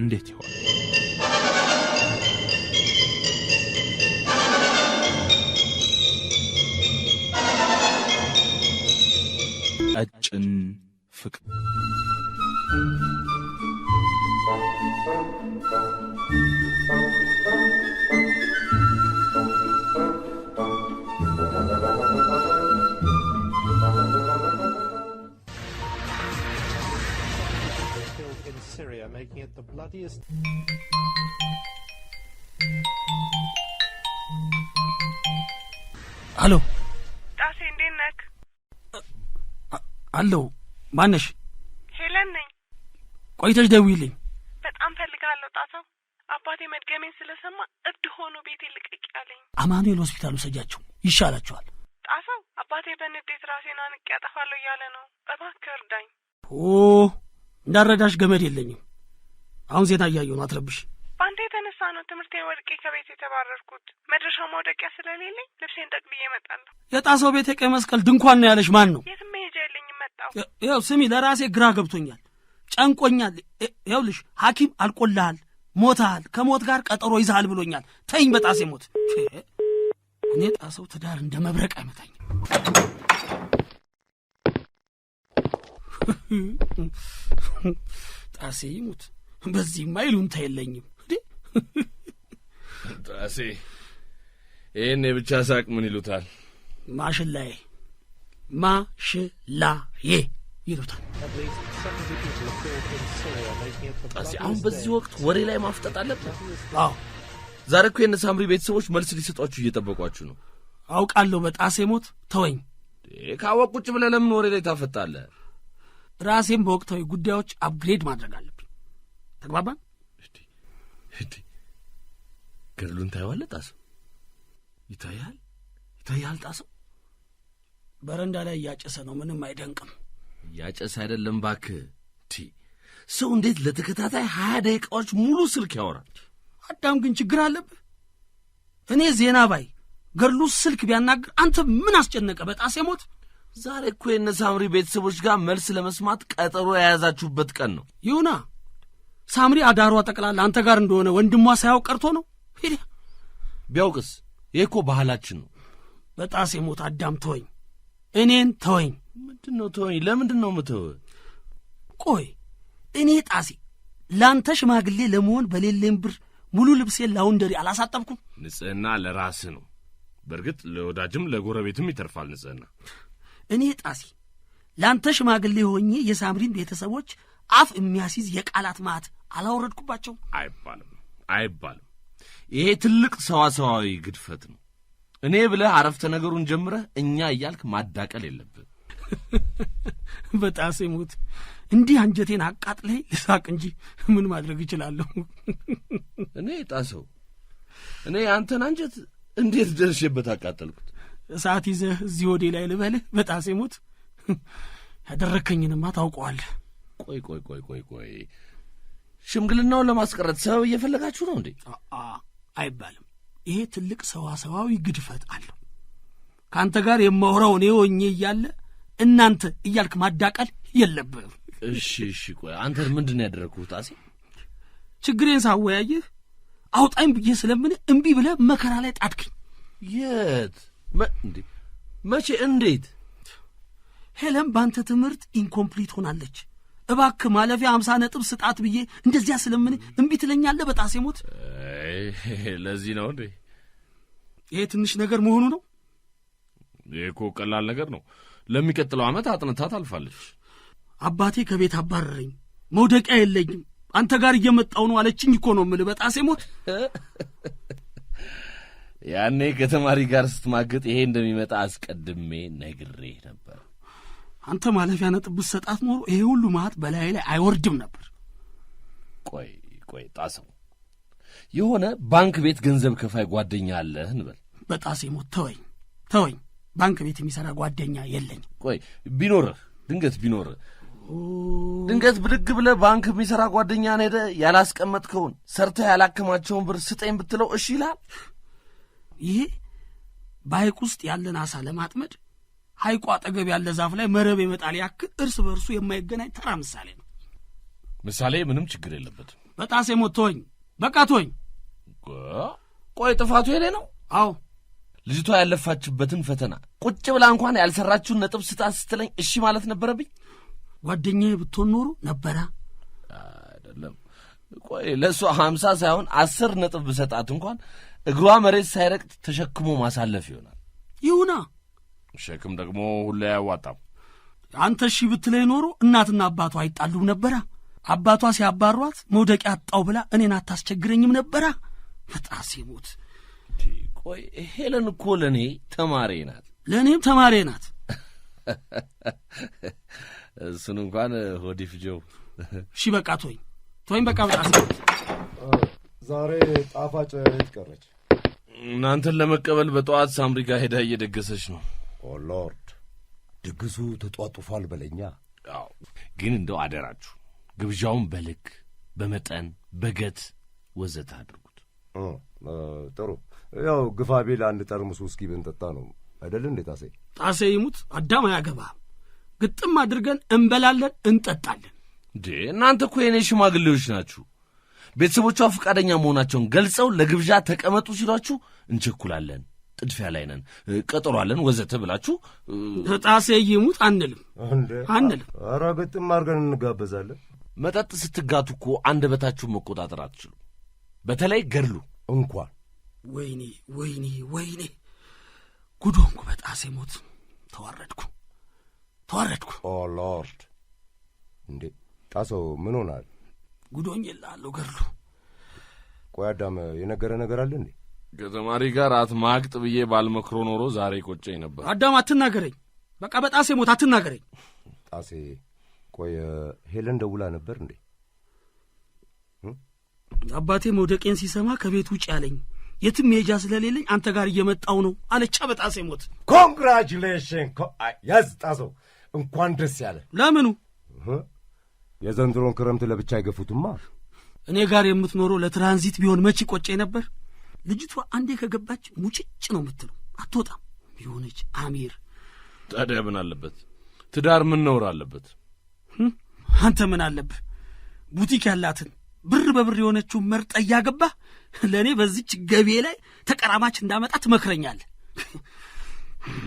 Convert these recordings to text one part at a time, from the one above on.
እንዴት ይሆን? ቀጭን ፍቅር making it the bloodiest. አሎ ጣሴ፣ እንዴት ነክ? አለው ማነሽ? ሄለን ነኝ። ቆይተሽ ደውዪልኝ። በጣም ፈልጋለሁ ጣሰው። አባቴ መድገሜን ስለሰማ እብድ ሆኖ ቤቴ ልቀቅ ያለኝ። አማኑኤል ሆስፒታል ውሰጃቸው፣ ይሻላቸዋል። ጣሰው፣ አባቴ በንዴት ራሴን አንቄ ያጠፋለሁ እያለ ነው። እባክህ እርዳኝ። ኦ እንዳረዳሽ ገመድ የለኝም። አሁን ዜና እያየሁ ነው። አትረብሽ። በአንተ የተነሳ ነው ትምህርቴን ወድቄ ከቤት የተባረርኩት። መድረሻው መውደቂያ ስለሌለኝ ልብሴን ጠቅልዬ እመጣለሁ። የጣሰው ቤት የቀይ መስቀል ድንኳን ነው ያለሽ ማን ነው? የትም መሄጃ የለኝ መጣሁ። ይኸው ስሚ፣ ለራሴ ግራ ገብቶኛል፣ ጨንቆኛል። ይኸውልሽ ሐኪም አልቆልሃል፣ ሞትሃል፣ ከሞት ጋር ቀጠሮ ይዛሃል ብሎኛል። ተይኝ በጣሴ ሞት። እኔ ጣሰው ትዳር እንደ መብረቅ አይመታኝ። ጣሴ ይሙት በዚህማ ይሉንታ የለኝም። ጣሴ ይህን የብቻ ሳቅ ምን ይሉታል? ማሽላዬ ማሽላዬ ይሉታል። ጣሴ አሁን በዚህ ወቅት ወሬ ላይ ማፍጠጥ አለብን። አዎ ዛሬ እኮ የነ ሳምሪ ቤተሰቦች መልስ ሊሰጧችሁ እየጠበቋችሁ ነው። አውቃለሁ። በጣሴ ሞት ተወኝ። ካወቅ ቁጭ ብለህ ለምን ወሬ ላይ ታፈጣለህ? ራሴም በወቅታዊ ጉዳዮች አፕግሬድ ማድረግ አለብን። ተግባባን። ገድሉን ታየዋለህ? ጣሰው ይታያል፣ ይታያል። ጣሰው በረንዳ ላይ እያጨሰ ነው። ምንም አይደንቅም። እያጨሰ አይደለም ባክ። ቲ ሰው እንዴት ለተከታታይ ሀያ ደቂቃዎች ሙሉ ስልክ ያወራል? አዳም ግን ችግር አለብህ። እኔ ዜና ባይ ገድሉ ስልክ ቢያናግር አንተ ምን አስጨነቀ? በጣሴ ሞት ዛሬ እኮ የነ ሳምሪ ቤተሰቦች ጋር መልስ ለመስማት ቀጠሮ የያዛችሁበት ቀን ነው። ይሁና ሳምሪ አዳሯ ጠቅላላ አንተ ጋር እንደሆነ ወንድሟ ሳያውቅ ቀርቶ ነው። ቢያውቅስ? ይህ እኮ ባህላችን ነው። በጣሴ ሞት አዳም ተወኝ፣ እኔን ተወኝ። ምንድን ነው ተወኝ? ለምንድን ነው ምትው? ቆይ እኔ ጣሴ ለአንተ ሽማግሌ ለመሆን በሌለኝ ብር ሙሉ ልብሴን ላውንደሪ አላሳጠብኩም። ንጽህና ለራስህ ነው። በእርግጥ ለወዳጅም ለጎረቤትም ይተርፋል ንጽህና። እኔ ጣሴ ለአንተ ሽማግሌ ሆኜ የሳምሪን ቤተሰቦች አፍ የሚያስይዝ የቃላት ማት? አላወረድኩባቸው አይባልም አይባልም። ይሄ ትልቅ ሰዋሰዋዊ ግድፈት ነው። እኔ ብለህ አረፍተ ነገሩን ጀምረህ እኛ እያልክ ማዳቀል የለብህ። በጣሴ ሞት እንዲህ አንጀቴን አቃጥለህ ልሳቅ እንጂ ምን ማድረግ እችላለሁ? እኔ ጣሰው፣ እኔ አንተን አንጀት እንዴት ደርሼበት አቃጠልኩት። እሳት ይዘህ እዚህ ወዴ ላይ ልበልህ? በጣሴ ሞት ያደረከኝንማ ታውቀዋለህ። ቆይ ቆይ ቆይ ቆይ ቆይ ሽምግልናውን ለማስቀረት ሰበብ እየፈለጋችሁ ነው እንዴ? አይባልም። ይሄ ትልቅ ሰዋሰዋዊ ግድፈት አለው። ከአንተ ጋር የማውራው እኔ ሆኜ እያለ እናንተ እያልክ ማዳቀል የለብህም። እሺ፣ እሺ። ቆይ አንተ ምንድን ነው ያደረግኩት? ችግሬን ሳወያየህ አውጣኝ ብዬ ስለምን እምቢ ብለህ መከራ ላይ ጣድክኝ። የት መቼ? እንዴት? ሄለን በአንተ ትምህርት ኢንኮምፕሊት ሆናለች። እባክ ማለፊያ አምሳ ነጥብ ስጣት ብዬ እንደዚያ ስለምን እምቢ ትለኛለህ? በጣሴ ሞት ለዚህ ነው እንዴ? ይሄ ትንሽ ነገር መሆኑ ነው። ይህ እኮ ቀላል ነገር ነው። ለሚቀጥለው ዓመት አጥንታ ታልፋለች። አባቴ ከቤት አባረረኝ። መውደቂያ የለኝም። አንተ ጋር እየመጣው ነው አለችኝ እኮ ነው የምልህ። በጣሴ ሞት ያኔ ከተማሪ ጋር ስትማግጥ ይሄ እንደሚመጣ አስቀድሜ ነግሬ ነበር። አንተ ማለፊያ ነጥብ ሰጣት ኖሮ ይሄ ሁሉ መዓት በላይ ላይ አይወርድም ነበር። ቆይ ቆይ ጣሰው የሆነ ባንክ ቤት ገንዘብ ከፋይ ጓደኛ አለህ እንበል። በጣሴ ሞት ተወኝ ተወኝ። ባንክ ቤት የሚሰራ ጓደኛ የለኝ። ቆይ ቢኖርህ ድንገት ቢኖርህ ድንገት ብድግ ብለህ ባንክ የሚሰራ ጓደኛን ሄደህ ያላስቀመጥከውን ሰርተህ ያላከማቸውን ብር ስጠኝ ብትለው እሺ ይላል? ይሄ በሐይቅ ውስጥ ያለን አሳ ለማጥመድ ሐይቁ አጠገብ ያለ ዛፍ ላይ መረብ የመጣል ያክል እርስ በእርሱ የማይገናኝ ተራ ምሳሌ ነው። ምሳሌ ምንም ችግር የለበትም። በጣሴ ሞቶኝ በቃ ቶኝ። ቆይ ጥፋቱ የኔ ነው? አዎ ልጅቷ ያለፋችበትን ፈተና ቁጭ ብላ እንኳን ያልሰራችውን ነጥብ ስጣት ስትለኝ እሺ ማለት ነበረብኝ። ጓደኛዬ ብትሆን ኖሮ ነበረ አይደለም። ቆይ ለእሷ ሀምሳ ሳይሆን አስር ነጥብ ብሰጣት እንኳን እግሯ መሬት ሳይረቅጥ ተሸክሞ ማሳለፍ ይሆናል። ይሁና ሸክም ደግሞ ሁሌ አያዋጣም። አንተ እሺ ብትለኝ ኖሮ እናትና አባቷ አይጣሉም ነበራ። አባቷ ሲያባሯት መውደቂያ አጣው ብላ እኔን አታስቸግረኝም ነበራ። ፈጣሴ ሞት። ቆይ ሄለን እኮ ለእኔ ተማሪ ናት፣ ለእኔም ተማሪ ናት። እሱን እንኳን ሆዲፍ ጆው እሺ በቃ ቶኝ ቶኝ በቃ በጣ ዛሬ ጣፋጭ የት ቀረች? እናንተን ለመቀበል በጠዋት ሳምሪ ጋር ሄዳ እየደገሰች ነው። ኦ ሎርድ ድግሱ ተጧጡፏል በለኛ። አዎ ግን እንደው አደራችሁ ግብዣውን በልክ በመጠን በገት ወዘተ አድርጉት። ጥሩ ያው ግፋ ቢል አንድ ጠርሙስ ውስኪ ብንጠጣ ነው አይደል እንዴ? ጣሴ ጣሴ ይሙት አዳም አያገባም። ግጥም አድርገን እንበላለን እንጠጣለን። እንዴ እናንተ እኮ የእኔ ሽማግሌዎች ናችሁ። ቤተሰቦቿ ፈቃደኛ መሆናቸውን ገልጸው ለግብዣ ተቀመጡ ሲሏችሁ እንቸኩላለን። ጥድፊያ ላይ ነን፣ ቀጠሯለን፣ ወዘተ ብላችሁ ጣሴ ይሙት አንልም አንልም። ኧረ ግጥም አድርገን እንጋበዛለን። መጠጥ ስትጋቱ እኮ አንደበታችሁን መቆጣጠር አትችሉ። በተለይ ገድሉ እንኳን ወይኔ ወይኔ ወይኔ ጉድ ሆንኩ። በጣሴ ሞት ተዋረድኩ ተዋረድኩ። ኦ ሎርድ! እንዴ ጣሰው ምን ሆናል? ጉዶኝ የላለሁ ገድሉ። ቆይ አዳም የነገረ ነገር አለ እንዴ? ከተማሪ ጋር አትማግጥ ብዬ ባልመክሮ ኖሮ ዛሬ ቆጨኝ ነበር። አዳም አትናገረኝ፣ በቃ በጣሴ ሞት አትናገረኝ። ጣሴ ቆይ ሄለን ደውላ ነበር እንዴ? አባቴ መውደቄን ሲሰማ ከቤት ውጭ ያለኝ የትም መሄጃ ስለሌለኝ አንተ ጋር እየመጣው ነው አለቻ። በጣሴ ሞት ኮንግራጁሌሽን። ያዝ ጣሰው፣ እንኳን ደስ ያለ። ለምኑ የዘንድሮን ክረምት ለብቻ አይገፉትማ። እኔ ጋር የምትኖረው ለትራንዚት ቢሆን መቼ ቆጨኝ ነበር። ልጅቷ አንዴ ከገባች ሙጭጭ ነው የምትለው፣ አትወጣም። የሆነች አሚር ታዲያ ምን አለበት? ትዳር ምን ነውር አለበት? አንተ ምን አለብህ? ቡቲክ ያላትን ብር በብር የሆነችውን መርጠ እያገባ ለእኔ በዚች ገቤ ላይ ተቀራማች እንዳመጣ ትመክረኛለህ?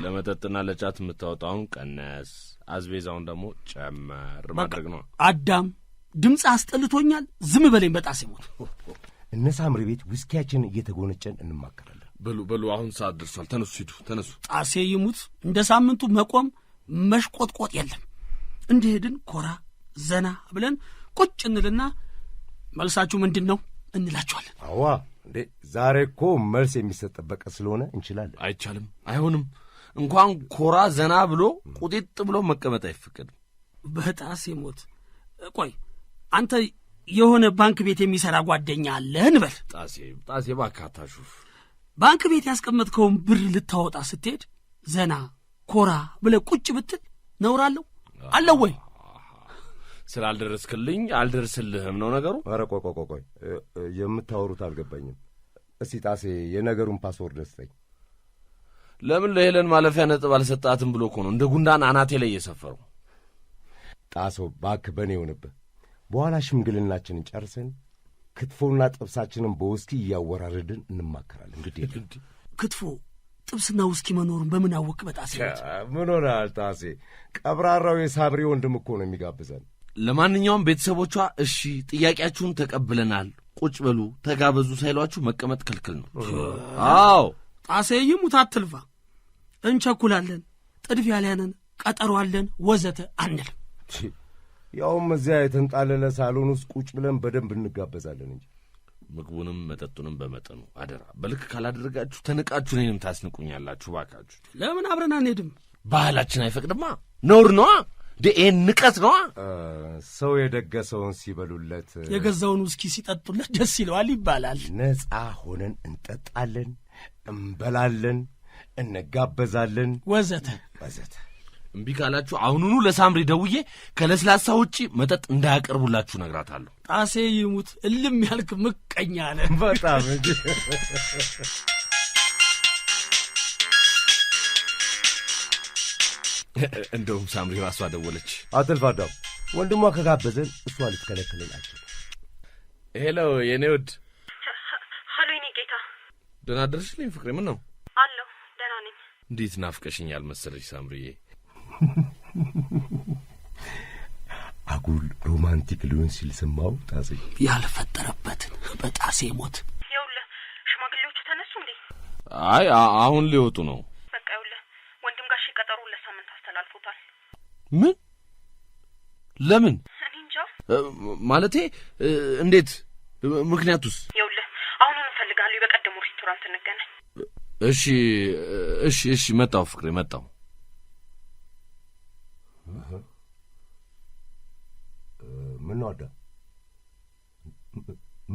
ለመጠጥና ለጫት የምታወጣውን ቀነስ፣ አዝቤዛውን ደግሞ ጨመር ማድረግ ነው። አዳም ድምፅ አስጠልቶኛል፣ ዝም በለኝ በጣሴ ሞት እነ ሳምሪ ቤት ውስኪያችን እየተጎነጨን እንማከራለን። በሉ በሉ፣ አሁን ሰዓት ደርሷል። ተነሱ፣ ሂዱ፣ ተነሱ። ጣሴ ይሙት እንደ ሳምንቱ መቆም መሽቆጥቆጥ የለም። እንደሄድን ኮራ ዘና ብለን ቁጭ እንልና መልሳችሁ ምንድን ነው እንላችኋለን። አዋ እንዴ ዛሬ እኮ መልስ የሚሰጠበት ቀን ስለሆነ እንችላለን። አይቻልም፣ አይሆንም። እንኳን ኮራ ዘና ብሎ ቁጢጥ ብሎ መቀመጥ አይፈቀድም። በጣሴ ሞት ቆይ አንተ የሆነ ባንክ ቤት የሚሰራ ጓደኛ አለ እንበል። ጣሴ ጣሴ እባክህ አታሹፍ። ባንክ ቤት ያስቀመጥከውን ብር ልታወጣ ስትሄድ ዘና ኮራ ብለህ ቁጭ ብትል ነውር አለው ወይ? ስላልደረስክልኝ አልደርስልህም ነው ነገሩ። ኧረ ቆይ ቆይ ቆይ፣ የምታወሩት አልገባኝም። እስቲ ጣሴ የነገሩን ፓስወርድ ስጠኝ። ለምን ለሄለን ማለፊያ ነጥብ አልሰጣትም ብሎ እኮ ነው እንደ ጉንዳን አናቴ ላይ እየሰፈረው። ጣሰው ባክ በእኔ የሆነብህ በኋላ ሽምግልናችንን ጨርሰን ክትፎና ጥብሳችንን በውስኪ እያወራረድን እንማከራል። እንግዲህ ክትፎ ጥብስና ውስኪ መኖሩን በምን አወቅ? በጣሴ ምን ሆናል? ጣሴ ቀብራራው የሳብሪ ወንድም እኮ ነው የሚጋብዘን። ለማንኛውም ቤተሰቦቿ እሺ ጥያቄያችሁን ተቀብለናል፣ ቁጭ በሉ ተጋበዙ ሳይሏችሁ መቀመጥ ክልክል ነው። አዎ ጣሴ ይሙት አትልፋ፣ እንቸኩላለን፣ ጥድፊያ ላይ ነን፣ ቀጠሮ አለን፣ ወዘተ አንልም። ያውም እዚያ የተንጣለለ ሳሎን ውስጥ ቁጭ ብለን በደንብ እንጋበዛለን እንጂ ምግቡንም መጠጡንም በመጠኑ አደራ። በልክ ካላደረጋችሁ ተንቃችሁ እኔንም ታስንቁኛላችሁ። ባካችሁ ለምን አብረን አንሄድም? ባህላችን አይፈቅድማ። ነውር ነዋ። ይህን ንቀት ነዋ። ሰው የደገሰውን ሲበሉለት፣ የገዛውን ውስኪ ሲጠጡለት ደስ ይለዋል ይባላል። ነጻ ሆነን እንጠጣለን፣ እንበላለን፣ እንጋበዛለን፣ ወዘተ ወዘተ። እምቢ ካላችሁ አሁኑኑ ለሳምሪ ደውዬ ከለስላሳ ውጪ መጠጥ እንዳያቀርቡላችሁ ነግራታለሁ። ጣሴ ይሙት እልም ያልክ ምቀኛ አለ። በጣም እንደውም ሳምሪ ራሷ ደወለች። አትልፋዳም ወንድሟ ከጋበዘን እሷ ልትከለክልን አችል። ሄሎ የኔ ውድ። ሀሎ የኔ ጌታ፣ ደህና አደርሽልኝ ፍቅሬ። ምን ነው አለው? ደህና ነኝ። እንዴት ናፍቀሽኛል መሰለሽ ሳምሪዬ አጉል ሮማንቲክ ሊሆን ሲል ስማው ጣሴ ያልፈጠረበትን በጣሴ ሞት ይኸውልህ፣ ሽማግሌዎቹ ተነሱ እንዴ? አይ አሁን ሊወጡ ነው። በቃ ይኸውልህ፣ ወንድም ጋሽ ቀጠሩ ለሳምንት አስተላልፎታል። ምን? ለምን? እኔ እንጃ። ማለቴ እንዴት? ምክንያቱስ? ይኸውልህ፣ አሁኑ እንፈልጋለሁ። በቀደሙ ሬስቶራንት እንገናኝ። እሺ፣ እሺ፣ እሺ። መጣው ፍቅሬ፣ መጣው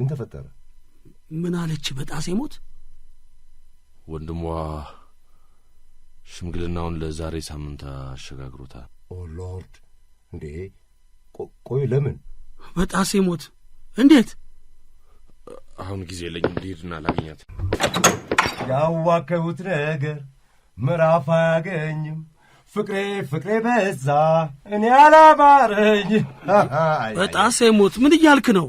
ምን ተፈጠረ? ምን አለች? በጣሴ ሞት ወንድሟ ሽምግልናውን ለዛሬ ሳምንት አሸጋግሮታል። ኦ ሎርድ! እንዴ ቆይ፣ ለምን በጣሴ ሞት? እንዴት? አሁን ጊዜ የለኝም፣ ልሂድና ላገኛት። ያዋከቡት ነገር ምዕራፍ አያገኝም። ፍቅሬ ፍቅሬ በዛ፣ እኔ አላማረኝ። በጣሴ ሞት ምን እያልክ ነው?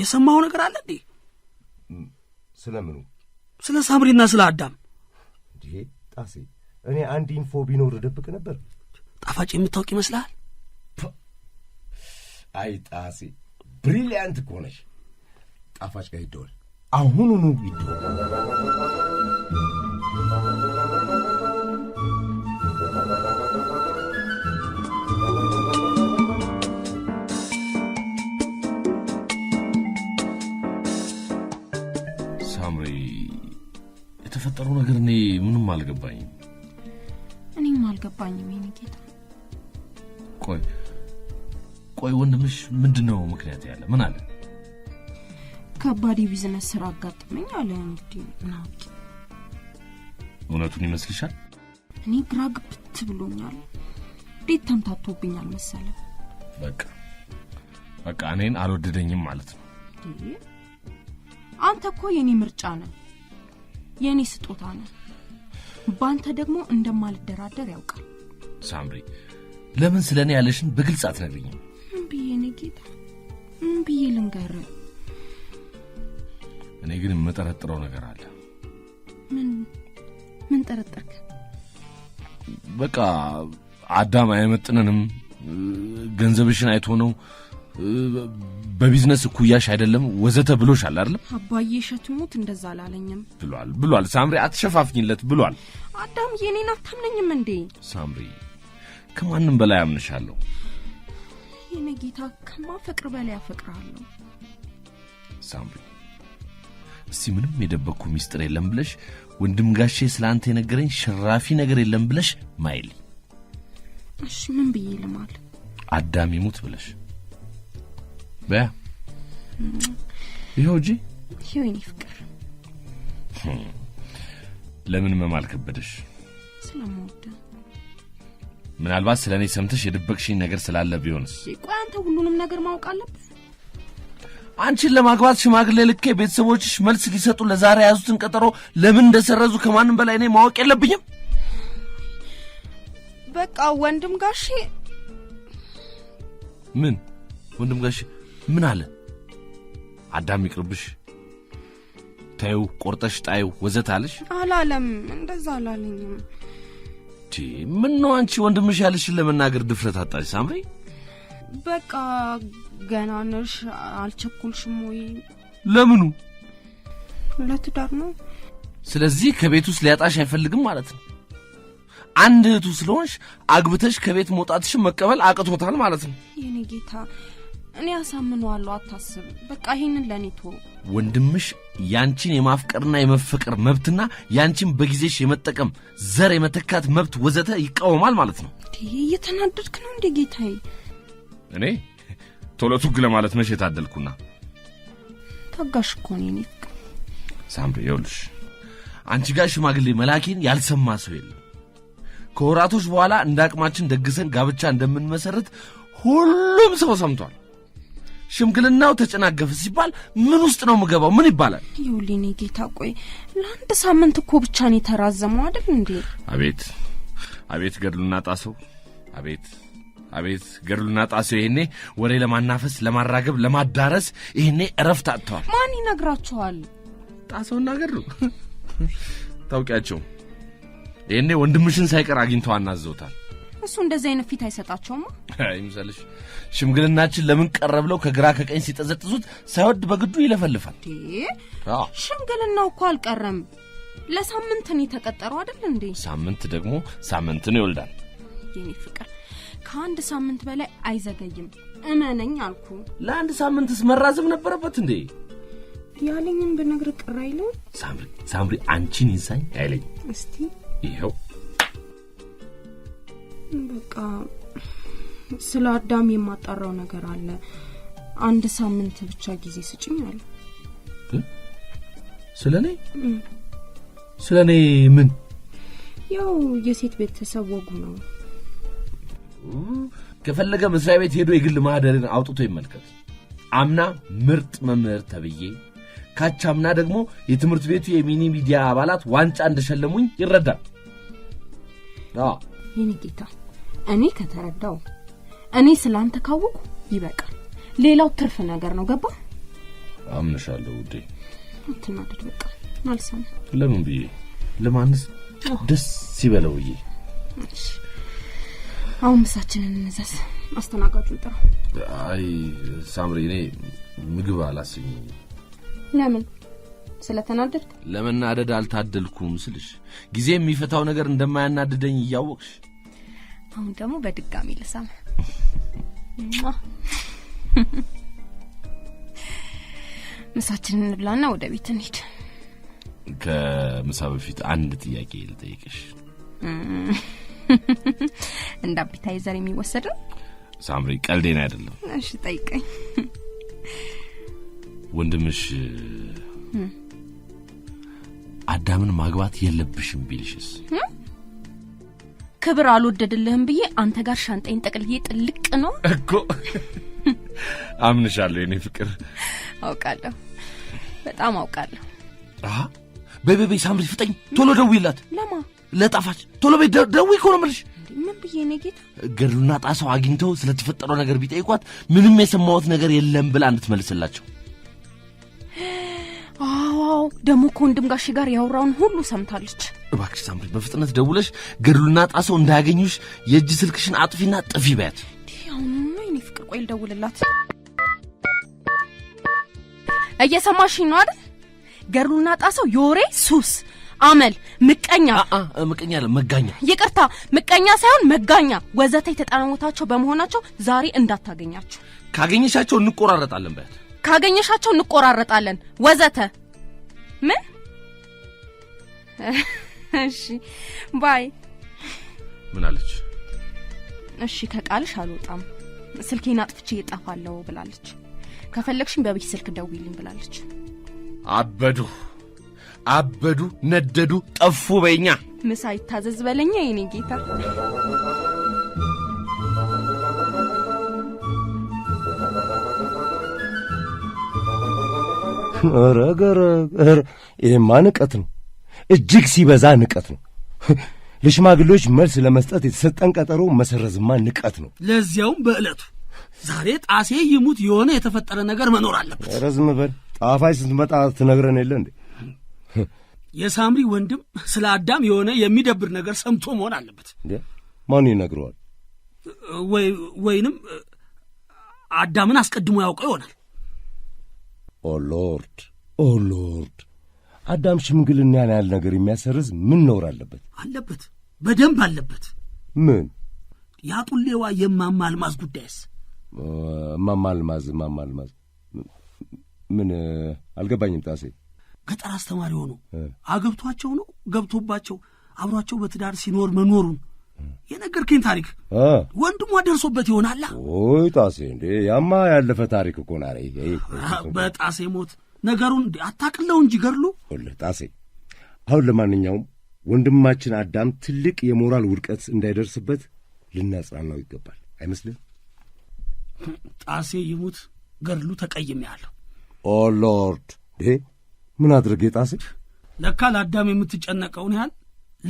የሰማው ነገር አለ እንዴ? ስለ ምኑ? ስለ ሳምሪና ስለ አዳም። እንዲህ ጣሴ፣ እኔ አንድ ኢንፎ ቢኖር ደብቅ ነበር። ጣፋጭ የምታውቅ ይመስልሃል? አይ ጣሴ፣ ብሪሊያንት እኮ ነሽ። ጣፋጭ ጋር ይደወል አሁኑኑ ይደወል። የተፈጠረው ነገር እኔ ምንም አልገባኝም። እኔም አልገባኝም የኔ ጌታ። ቆይ ቆይ ወንድምሽ ምንድን ነው ምክንያት ያለ ምን አለ? ከባድ የቢዝነስ ስራ አጋጥመኝ አለ። እንግዲህ ናውቂ እውነቱን ይመስልሻል? እኔ ግራ ግብት ብሎኛል። እንዴት ተምታቶብኛል መሰለ። በቃ በቃ እኔን አልወደደኝም ማለት ነው። አንተ እኮ የኔ ምርጫ ነህ። የእኔ ስጦታ ነው። ባንተ ደግሞ እንደማልደራደር ያውቃል። ሳምሪ ለምን ስለ እኔ ያለሽን በግልጽ አትነግሪኝም? ምን ብዬ ጌታ፣ ምን ብዬ ልንገርህ? እኔ ግን የምጠረጥረው ነገር አለ። ምን ምን ጠረጠርክ? በቃ አዳም አይመጥነንም ገንዘብሽን አይቶ ነው በቢዝነስ እኩያሽ አይደለም ወዘተ ብሎሻል አይደለም? አባዬ ሸትሙት እንደዛ አላለኝም ብሏል ብሏል። ሳምሪ አትሸፋፍኝለት ብሏል። አዳም የኔን አታምነኝም እንዴ? ሳምሪ ከማንም በላይ አምንሻለሁ። የኔ ጌታ ከማፈቅር በላይ አፈቅራለሁ። ሳምሪ እስቲ ምንም የደበቅኩ ሚስጥር የለም ብለሽ ወንድም ጋሼ ስለ አንተ የነገረኝ ሽራፊ ነገር የለም ብለሽ ማይል እሺ ምን ብዬ ልማል? አዳም ይሙት ብለሽ ይኸው እጂ ይሄኔ ፍቅር ለምን መማል ከበደሽ? ስለምወድ ምናልባት ስለ እኔ ሰምተሽ የደበቅሽኝ ነገር ስላለ ቢሆንስ? ቆይ አንተ ሁሉንም ነገር ማወቅ አለብህ? አንቺን ለማግባት ሽማግሌ ልኬ ቤተሰቦችሽ መልስ ሊሰጡ ለዛሬ የያዙትን ቀጠሮ ለምን እንደሰረዙ ከማንም በላይ እኔ ማወቅ የለብኝም? በቃ ወንድም ጋሼ ምን ወንድም ጋሼ ምን አለ? አዳም ይቅርብሽ፣ ታዩ፣ ቆርጠሽ ጣዩ፣ ወዘት አለሽ? አላለም፣ እንደዛ አላለኝም። ምን ነው አንቺ ወንድምሽ ያለሽን ለመናገር ድፍረት አጣሽ? ሳምሪ፣ በቃ ገና ነሽ፣ አልቸኩልሽም ወይ? ለምኑ? ለትዳር ነው። ስለዚህ ከቤት ውስጥ ሊያጣሽ አይፈልግም ማለት ነው። አንድ እህቱ ስለሆንሽ አግብተሽ ከቤት መውጣትሽን መቀበል አቅቶታል ማለት ነው። የኔ ጌታ እኔ አሳምነዋለሁ፣ አታስብ። በቃ ይህንን ለእኔ ቶ ወንድምሽ ያንቺን የማፍቀርና የመፈቀር መብትና ያንቺን በጊዜሽ የመጠቀም ዘር የመተካት መብት ወዘተ ይቃወማል ማለት ነው። እየተናደድክ ነው እንዴ ጌታዬ? እኔ ቶሎ ቱግ ለማለት መቼ የታደልኩና ታጋሽ እኮ እኔ ሳምሪ፣ ይኸውልሽ አንቺ ጋር ሽማግሌ መላኬን ያልሰማ ሰው የለም። ከወራቶች በኋላ እንደ አቅማችን ደግሰን ጋብቻ እንደምንመሰርት ሁሉም ሰው ሰምቷል። ሽምግልናው ተጨናገፈ ሲባል ምን ውስጥ ነው የምገባው? ምን ይባላል? ይውሊኔ ጌታ፣ ቆይ ለአንድ ሳምንት እኮ ብቻ ነው የተራዘመው አይደል እንዴ? አቤት አቤት፣ ገድሉና ጣሰው፣ አቤት አቤት፣ ገድሉና ጣሰው ይሄኔ ወሬ ለማናፈስ ለማራገብ፣ ለማዳረስ ይሄኔ እረፍት አጥተዋል። ማን ይነግራቸዋል? ጣሰውና ገድሉ ታውቂያቸው። ይሄኔ ወንድምሽን ሳይቀር አግኝተው አናዘውታል። እሱ እንደዚህ አይነት ፊት አይሰጣቸውማ። ይምሰልሽ ሽምግልናችን ለምን ቀረ ብለው ከግራ ከቀኝ ሲጠዘጥዙት ሳይወድ በግዱ ይለፈልፋል። ሽምግልናው እኮ አልቀረም፣ ለሳምንት ነው የተቀጠረው አይደል እንዴ? ሳምንት ደግሞ ሳምንትን ይወልዳል። የኔ ፍቅር ከአንድ ሳምንት በላይ አይዘገይም፣ እመነኝ አልኩ። ለአንድ ሳምንትስ መራዘም ነበረበት እንዴ? ያለኝም ብነግር ቅር አይለው። ሳምሪ ሳምሪ፣ አንቺን ይንሳኝ አይለኝ። እስቲ ይኸው በቃ ስለ አዳም የማጣራው ነገር አለ። አንድ ሳምንት ብቻ ጊዜ ስጭኝ አለ። ስለ እኔ ስለ እኔ ምን? ያው የሴት ቤተሰብ ወጉ ነው። ከፈለገ መስሪያ ቤት ሄዶ የግል ማህደርን አውጥቶ ይመልከት። አምና ምርጥ መምህር ተብዬ አምና ደግሞ የትምህርት ቤቱ የሚኒ ሚዲያ አባላት ዋንጫ እንደሸለሙኝ ይረዳል። የኔ ጌታ፣ እኔ ከተረዳው እኔ ስላንተ ካወቁ ይበቃል። ሌላው ትርፍ ነገር ነው። ገባ? አምንሻለሁ ውዴ። አትናደድ። በቃ አልሰማ። ለምን ብዬ ለማንስ ደስ ሲበለው ብዬ። አሁን ምሳችንን እንዘዝ። አስተናጋጁ ጥሩ። አይ ሳምሪ፣ እኔ ምግብ አላስኝ። ለምን? ስለተናደድክ? ለመናደድ አልታደልኩም ስልሽ ጊዜ የሚፈታው ነገር እንደማያናድደኝ እያወቅሽ አሁን ደግሞ በድጋሚ ልሳም ምሳችን እንብላና ወደ ቤት እንሂድ። ከምሳ በፊት አንድ ጥያቄ ልጠይቅሽ። እንደ አፒታይዘር የሚወሰድ ነው ሳምሪ? ቀልዴን አይደለም። እሺ ጠይቀኝ። ወንድምሽ አዳምን ማግባት የለብሽም ቢልሽስ? ክብር አልወደድልህም ብዬ አንተ ጋር ሻንጣይን ጠቅልዬ ጥልቅ ነው እኮ። አምንሻለሁ የኔ ፍቅር። አውቃለሁ፣ በጣም አውቃለሁ። በቤቤ ሳምሪ ፍጠኝ፣ ቶሎ ደውይላት። ለማ ለጣፋጭ ቶሎ ቤት ደዊ እኮ ነው ምን ብዬ ነው ጌታ? ገድሉና ጣሰው አግኝተው ስለተፈጠረው ነገር ቢጠይቋት ምንም የሰማሁት ነገር የለም ብላ እንድትመልስላቸው። አዎ ደግሞ ከወንድም ጋሽ ጋር ያወራውን ሁሉ ሰምታለች። እባክሽ ሳምሪ በፍጥነት ደውለሽ ገድሉና ጣሰው እንዳያገኙሽ የእጅ ስልክሽን አጥፊና ጥፊ በያት። ይኔ ፍቅር ቆይ ልደውልላት። እየሰማሽኝ ነው አይደል? ገድሉና ጣሰው የወሬ ሱስ፣ አመል፣ ምቀኛ ምቀኛ አለ መጋኛ፣ ይቅርታ ምቀኛ ሳይሆን መጋኛ ወዘተ የተጠመሙታቸው በመሆናቸው ዛሬ እንዳታገኛቸው። ካገኘሻቸው እንቆራረጣለን በያት። ካገኘሻቸው እንቆራረጣለን ወዘተ ምን እሺ ባይ ምን አለች? እሺ ከቃልሽ አልወጣም ስልኬን አጥፍቼ እጠፋለሁ ብላለች። ከፈለግሽኝ በቤት ስልክ ደውይልኝ ብላለች። አበዱ አበዱ፣ ነደዱ፣ ጠፉ። በኛ ምሳ ይታዘዝ በለኛ የኔ ጌታ። ኧረ ገረግ ንቀት ነው። እጅግ ሲበዛ ንቀት ነው። ለሽማግሌዎች መልስ ለመስጠት የተሰጠን ቀጠሮ መሰረዝማ ንቀት ነው። ለዚያውም በዕለቱ ዛሬ ጣሴ ይሙት የሆነ የተፈጠረ ነገር መኖር አለበት። ረዝም በል ጣፋይ ስትመጣ ትነግረን የለ እንዴ? የሳምሪ ወንድም ስለ አዳም የሆነ የሚደብር ነገር ሰምቶ መሆን አለበት። ማን ይነግረዋል? ወይንም አዳምን አስቀድሞ ያውቀው ይሆናል። ኦ ሎርድ ኦ ሎርድ አዳም ሽምግልናን ያህል ነገር የሚያሰርዝ ምን ኖር አለበት? አለበት፣ በደንብ አለበት። ምን ያጡሌዋ የማማ አልማዝ ጉዳይስ? ማማ አልማዝ ማማ አልማዝ ምን አልገባኝም። ጣሴ ገጠር አስተማሪ ሆኖ አገብቷቸው ነው ገብቶባቸው አብሯቸው በትዳር ሲኖር መኖሩን የነገርከኝ ታሪክ ወንድሟ ደርሶበት ይሆናላ። ወይ ጣሴ እንዴ ያማ ያለፈ ታሪክ እኮ ናረ። በጣሴ ሞት ነገሩን አታቅለው እንጂ ገርሉ ገድሉ ጣሴ። አሁን ለማንኛውም ወንድማችን አዳም ትልቅ የሞራል ውድቀት እንዳይደርስበት ልናጽናናው ይገባል አይመስልም? ጣሴ ይሙት ገድሉ ተቀይሜያለሁ። ኦ ሎርድ ዴ ምን አድርጌ ጣሴ? ለካ ለአዳም የምትጨነቀውን ያህል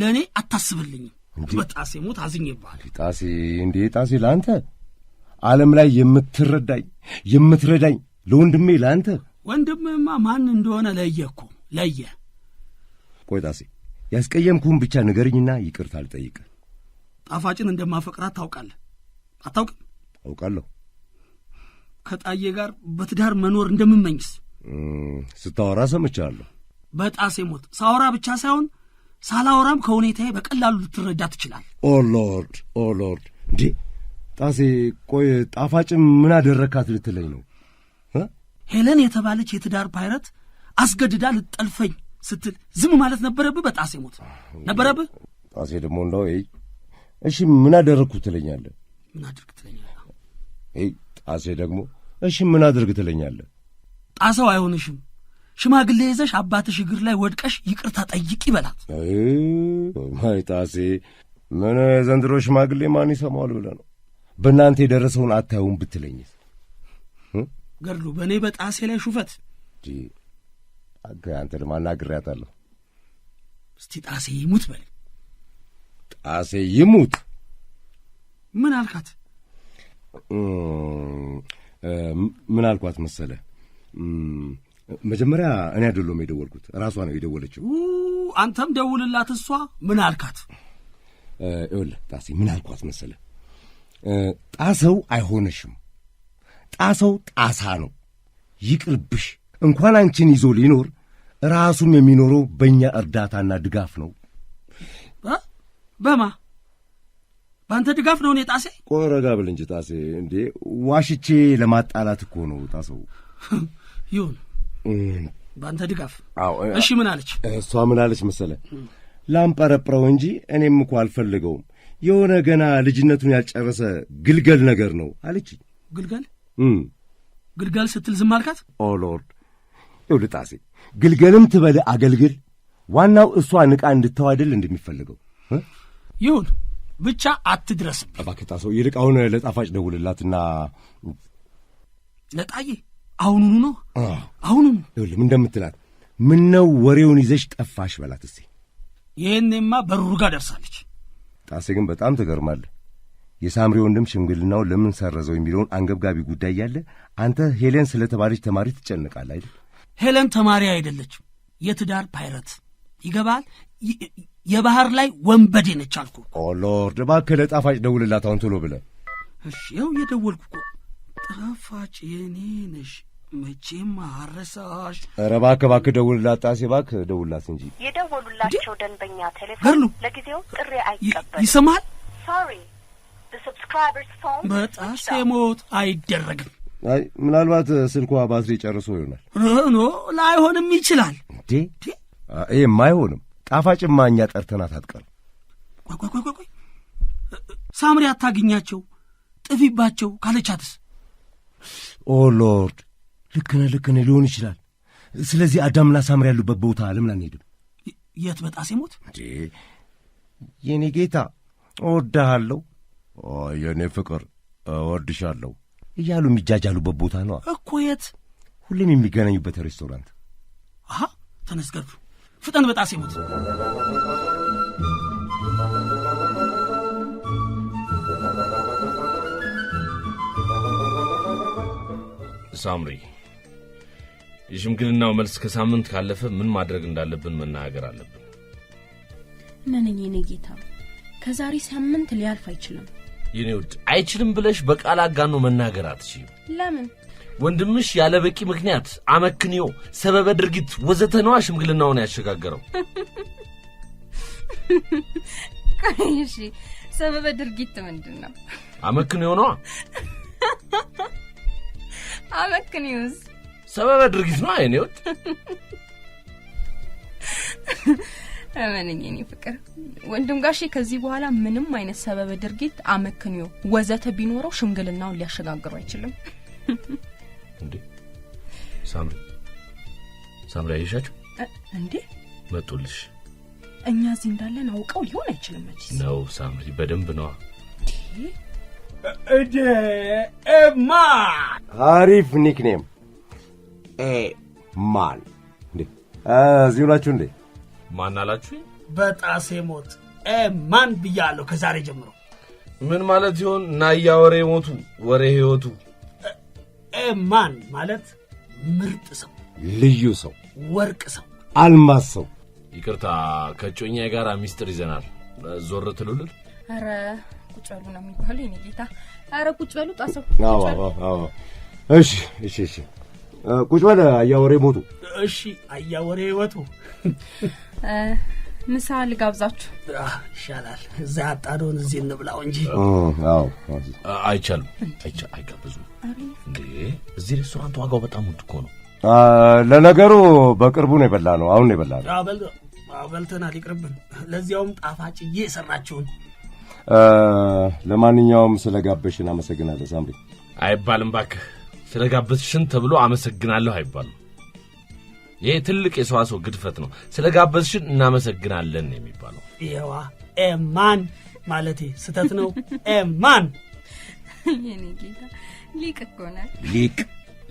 ለእኔ አታስብልኝም። በጣሴ ሞት አዝኜብሃል። ጣሴ እንዴ ጣሴ፣ ለአንተ ዓለም ላይ የምትረዳኝ የምትረዳኝ ለወንድሜ ለአንተ ወንድምህማ ማን እንደሆነ ለየኩ ለየ። ቆይጣሴ ያስቀየምኩህን ብቻ ንገርኝና ይቅርታ አልጠይቅ። ጣፋጭን እንደማፈቅራት ታውቃለህ አታውቅም? አውቃለሁ። ከጣዬ ጋር በትዳር መኖር እንደምመኝስ ስታወራ ሰምቻለሁ። በጣሴ ሞት ሳወራ ብቻ ሳይሆን ሳላወራም ከሁኔታዬ በቀላሉ ልትረዳ ትችላል። ኦ ሎርድ ኦ ሎርድ! እንዴ ጣሴ፣ ቆይ ጣፋጭም ምን አደረካት ልትለኝ ነው? ሄለን የተባለች የትዳር ፓይረት አስገድዳ ልጠልፈኝ ስትል ዝም ማለት ነበረብህ? በጣሴ ሞት ነበረብህ። ጣሴ ደግሞ እንደው እሺ ምን አደረግኩ ትለኛለህ? ምን አድርግ ትለኛለህ? ጣሴ ደግሞ እሺ ምን አድርግ ትለኛለህ? ጣሰው አይሆንሽም፣ ሽማግሌ ይዘሽ አባትሽ እግር ላይ ወድቀሽ ይቅርታ ጠይቅ ይበላት። ማይ ጣሴ ምን የዘንድሮ ሽማግሌ ማን ይሰማዋል ብለህ ነው? በእናንተ የደረሰውን አታዩም ብትለኝስ? ገድሉ በእኔ በጣሴ ላይ ሹፈት እ አንተን ማናግሬያታለሁ። እስቲ ጣሴ ይሙት በል። ጣሴ ይሙት ምን አልካት? ምን አልኳት መሰለ፣ መጀመሪያ እኔ አይደለሁም የደወልኩት፣ ራሷ ነው የደወለችው። አንተም ደውልላት። እሷ ምን አልካት? ይኸውልህ ጣሴ ምን አልኳት መሰለ፣ ጣሰው አይሆነሽም ጣሰው ጣሳ ነው። ይቅርብሽ። እንኳን አንቺን ይዞ ሊኖር ራሱም የሚኖረው በእኛ እርዳታና ድጋፍ ነው። በማ በአንተ ድጋፍ ነው እኔ ጣሴ? ቆይ ረጋ ብል እንጂ ጣሴ። እንዴ ዋሽቼ ለማጣላት እኮ ነው ጣሰው። ይሁን በአንተ ድጋፍ። አዎ እሺ ምን አለች እሷ? ምን አለች መሰለ ላምጠረጥረው እንጂ እኔም እኮ አልፈልገውም። የሆነ ገና ልጅነቱን ያልጨረሰ ግልገል ነገር ነው አለች። ግልገል ግልገል ስትል ዝም አልካት? ኦ ሎርድ ይውልጣሴ ግልገልም ትበል አገልግል፣ ዋናው እሷ ንቃ እንድተዋደል እንደሚፈልገው ይሁን ብቻ አትድረስ። እባክህ ጣሰው፣ ይልቅ አሁን ለጣፋጭ ደውልላትና ለጣዬ አሁኑኑ ነው አሁኑኑ። ይኸውልህ እንደምትላት ምን ነው ወሬውን ይዘሽ ጠፋሽ በላት እስቲ። ይህኔማ በሩ ጋር ደርሳለች። ጣሴ ግን በጣም ትገርማለህ። የሳምሪ ወንድም ሽምግልናው ለምን ሰረዘው የሚለውን አንገብጋቢ ጉዳይ ያለ አንተ ሄሌን ስለተባለች ተማሪ ትጨንቃል አይደል? ሄለን ተማሪ አይደለችም። የትዳር ፓይረት ይገባል። የባህር ላይ ወንበዴ ነች አልኩ። ኦሎርድ ሎርድ እባክህ ለጣፋጭ ደውልላት አሁን ቶሎ ብለህ። እሺ ያው የደወልኩ እኮ። ጣፋጭ የኔ ነሽ መቼም አረሳሽ። ኧረ እባክህ እባክህ ደውልላት ጣሴ እባክህ ደውልላት እንጂ። የደወሉላቸው ደንበኛ ቴሌፎን ለጊዜው ጥሪ አይቀበል። ይሰማል ሶሪ በጣሴ ሞት አይደረግም። አይ ምናልባት uh, ስልኳ ባትሪ ጨርሶ ይሆናል። ኖ ላይሆንም ይችላል። እንዴ ይህም አይሆንም። ጣፋጭማ እኛ ጠርተናት አትቀርም። ቆይ ቆይ ቆይ ቆይ ሳምሪ አታግኛቸው ጥፊባቸው ካለቻትስ? ኦ ሎርድ ልክነ ልክነ ሊሆን ይችላል። ስለዚህ አዳምና ሳምሪ ያሉበት ቦታ ለምን አንሄድም? የት? በጣሴ ሞት እንዴ የኔ ጌታ እወድሃለሁ የእኔ ፍቅር እወድሻለሁ እያሉ የሚጃጃሉበት ቦታ ነው እኮ። የት ሁሌም የሚገናኙበት ሬስቶራንት። አሀ ተነስ፣ ፍጠን፣ በጣሴ ሞት ሳምሪ የሽምግልናው መልስ ከሳምንት ካለፈ ምን ማድረግ እንዳለብን መናገር አለብን። ምን ኔ ጌታ፣ ከዛሬ ሳምንት ሊያልፍ አይችልም። የኔ ውድ አይችልም ብለሽ በቃል አጋኖ መናገር አትችይም። ለምን? ወንድምሽ ያለ በቂ ምክንያት አመክንዮ፣ ሰበበ ድርጊት ወዘተ ነዋ ሽምግልናውን ያሸጋገረው። እሺ ሰበበ ድርጊት ምንድን ነው? አመክንዮ ነዋ። አመክንዮስ ሰበበ ድርጊት ነዋ የኔ ውድ እመነኝ የኔ ፍቅር ወንድም ጋሼ ከዚህ በኋላ ምንም አይነት ሰበብ ድርጊት፣ አመክንዮ ወዘተ ቢኖረው ሽምግልናውን ሊያሸጋግሩ አይችልም። እንዴ ሳምሪ ሳምሪ አየሻቸው እንዴ መጡልሽ። እኛ እዚህ እንዳለን አውቀው ሊሆን አይችልም። መች ነው ሳምሪ፣ በደንብ ነዋ። እማ አሪፍ ኒክኔም ማን እዚሁ ናችሁ እንዴ? ማን አላችሁኝ? በጣሴ ሞት ማን ብያለሁ። ከዛሬ ጀምሮ ምን ማለት ሲሆን ናያ ወሬ ሞቱ ወሬ ህይወቱ ማን ማለት ምርጥ ሰው፣ ልዩ ሰው፣ ወርቅ ሰው፣ አልማዝ ሰው። ይቅርታ ከጮኛ ጋር ሚስጥር ይዘናል። ዞር ትሉልን። አረ ቁጭ በሉ ነው የሚባሉ የኔ ጌታ። አረ ቁጭ በሉ ጣሰው። እሺ፣ እሺ፣ እሺ፣ ቁጭ በል አያወሬ ሞቱ። እሺ፣ አያወሬ ህይወቱ ምሳ ልጋብዛችሁ ይሻላል። እዛ ያጣደውን እዚህ እንብላው እንጂ አይቻልም። አይጋብዙም። እዚህ ሬስቶራንት ዋጋው በጣም ውድ እኮ ነው። ለነገሩ በቅርቡ ነው የበላ ነው። አሁን ነው የበላ ነው። በልተናል፣ ይቅርብን። ለዚያውም ጣፋጭዬ የሰራችውን። ለማንኛውም ስለ ጋበሽን አመሰግናለሁ ሳምሪ። አይባልም እባክህ። ስለ ጋበዝሽን ተብሎ አመሰግናለሁ አይባልም። ይህ ትልቅ የሰዋ ሰው ግድፈት ነው። ስለ ጋበዝሽን እናመሰግናለን የሚባለው ይኸዋ ኤማን ማለቴ ስተት ነው። ኤማን ሊቅ እኮ ሊቅ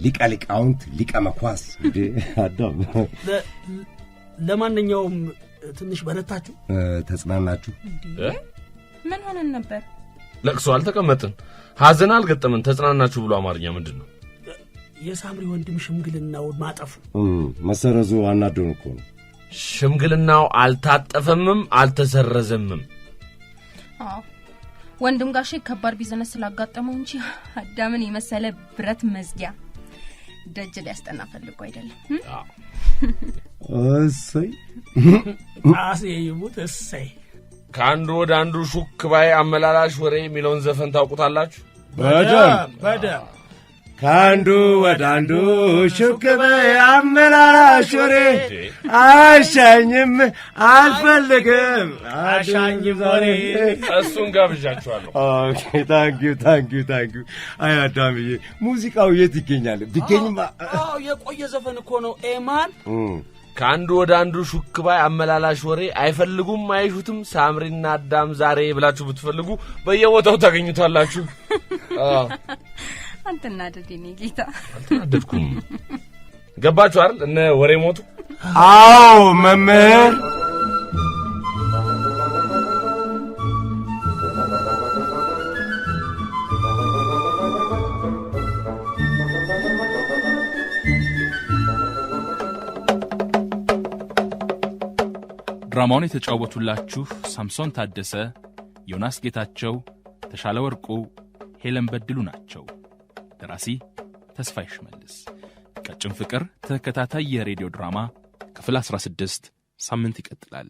ሊቀ ሊቃውንት ሊቀ መኳስ አዳም። ለማንኛውም ትንሽ በረታችሁ፣ ተጽናናችሁ። ምን ሆነን ነበር? ለቅሶ አልተቀመጥን፣ ሀዘን አልገጠመን፣ ተጽናናችሁ ብሎ አማርኛ ምንድን ነው? የሳምሪ ወንድም ሽምግልናውን ማጠፉ መሰረዙ አናዶን እኮ ነው። ሽምግልናው አልታጠፈምም አልተሰረዘምም። ወንድም ጋሼ ከባድ ቢዝነስ ስላጋጠመው እንጂ አዳምን የመሰለ ብረት መዝጊያ ደጅ ሊያስጠና ፈልጎ አይደለም። እሰይ ይሙት እሰይ። ከአንዱ ወደ አንዱ ሹክ ባይ አመላላሽ ወሬ የሚለውን ዘፈን ታውቁታላችሁ በደም በደም ከአንዱ ወደ አንዱ ሹክ በይ አመላላሽ ወሬ አልፈልግም አሻኝም ወሬ እሱን ጋብዣችኋለሁ። ታንኪዩ ታንኪዩ ታንኪዩ። አይ አዳምዬ ሙዚቃው የት ይገኛል? ቢገኝማ የቆየ ዘፈን እኮ ነው። ኤማን ከአንዱ ወደ አንዱ ሹክ ባይ አመላላሽ ወሬ አይፈልጉም አይሹትም ሳምሪና አዳም ዛሬ ብላችሁ ብትፈልጉ በየቦታው ታገኙታላችሁ። አትናደድ ኔ ጌታ። አልተናደድኩም። ገባችሁ አይደል? እነ ወሬ ሞቱ። አዎ መምህር ድራማውን የተጫወቱላችሁ ሳምሶን ታደሰ፣ ዮናስ ጌታቸው፣ ተሻለ ወርቁ፣ ሄለን በድሉ ናቸው። ደራሲ ተስፋ ሽመልስ። ቀጭን ፍቅር ተከታታይ የሬዲዮ ድራማ ክፍል 16 ሳምንት ይቀጥላል።